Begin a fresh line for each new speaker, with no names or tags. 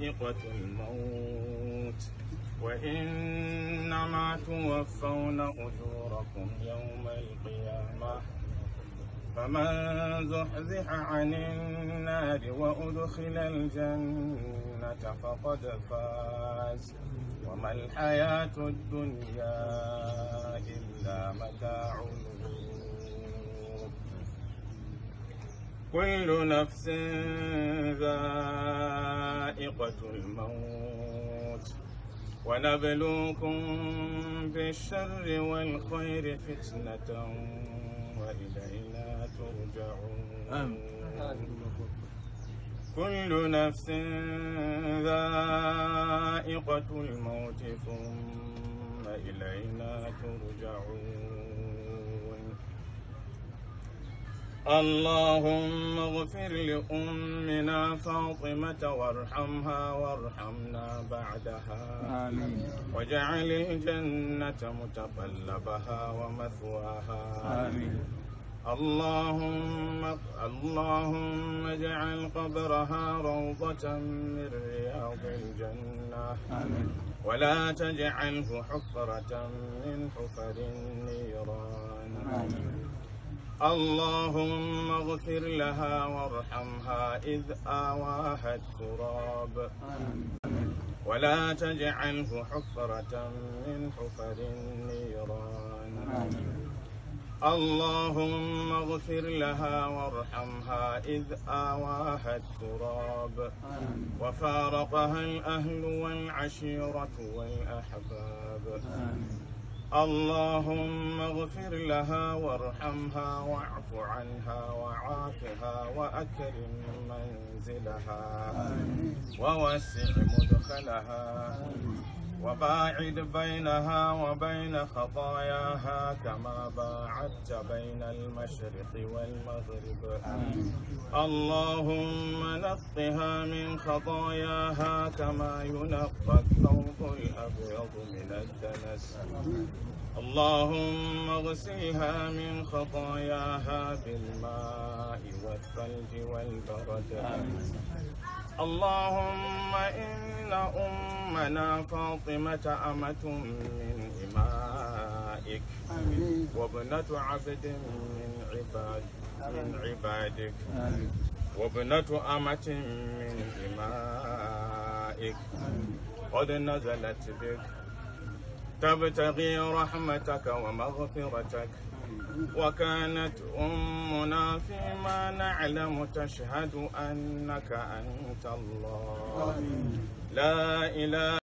ذائقة الموت وإنما توفون أجوركم يوم القيامة فمن زحزح عن النار وأدخل الجنة فقد فاز وما الحياة الدنيا إلا متاع كل نفس الموت ونبلوكم بالشر والخير فتنة وإلينا ترجعون كل نفس ذائقة الموت ثم إلينا ترجعون اللهم اغفر لأمنا فاطمة وارحمها وارحمنا بعدها آمين واجعل الجنة متقلبها ومثواها آمين اللهم اللهم اجعل قبرها روضة من رياض الجنة آمين ولا تجعله حفرة من حفر النيران آمين اللهم اغفر لها وارحمها إذ آواها التراب ولا تجعله حفرة من حفر النيران اللهم اغفر لها وارحمها إذ آواها التراب وفارقها الأهل والعشيرة والأحباب اللهم اغفر لها وارحمها واعف عنها وعافها وأكرم منزلها ووسع مدخلها وباعد بينها وبين خطاياها كما باعدت بين المشرق والمغرب اللهم نقها من خطاياها كما ينقى الثوب الابيض من الدنس اللهم اغسلها من خطاياها بالماء والثلج والبرد اللهم إن أمنا فاطمة أمة من إمائك وابنة عبد من عباد من عبادك وابنة أمة من إمائك قد نزلت بك تبتغي رحمتك ومغفرتك وكانت أمنا فيما نعلم تشهد أنك أنت الله لا إله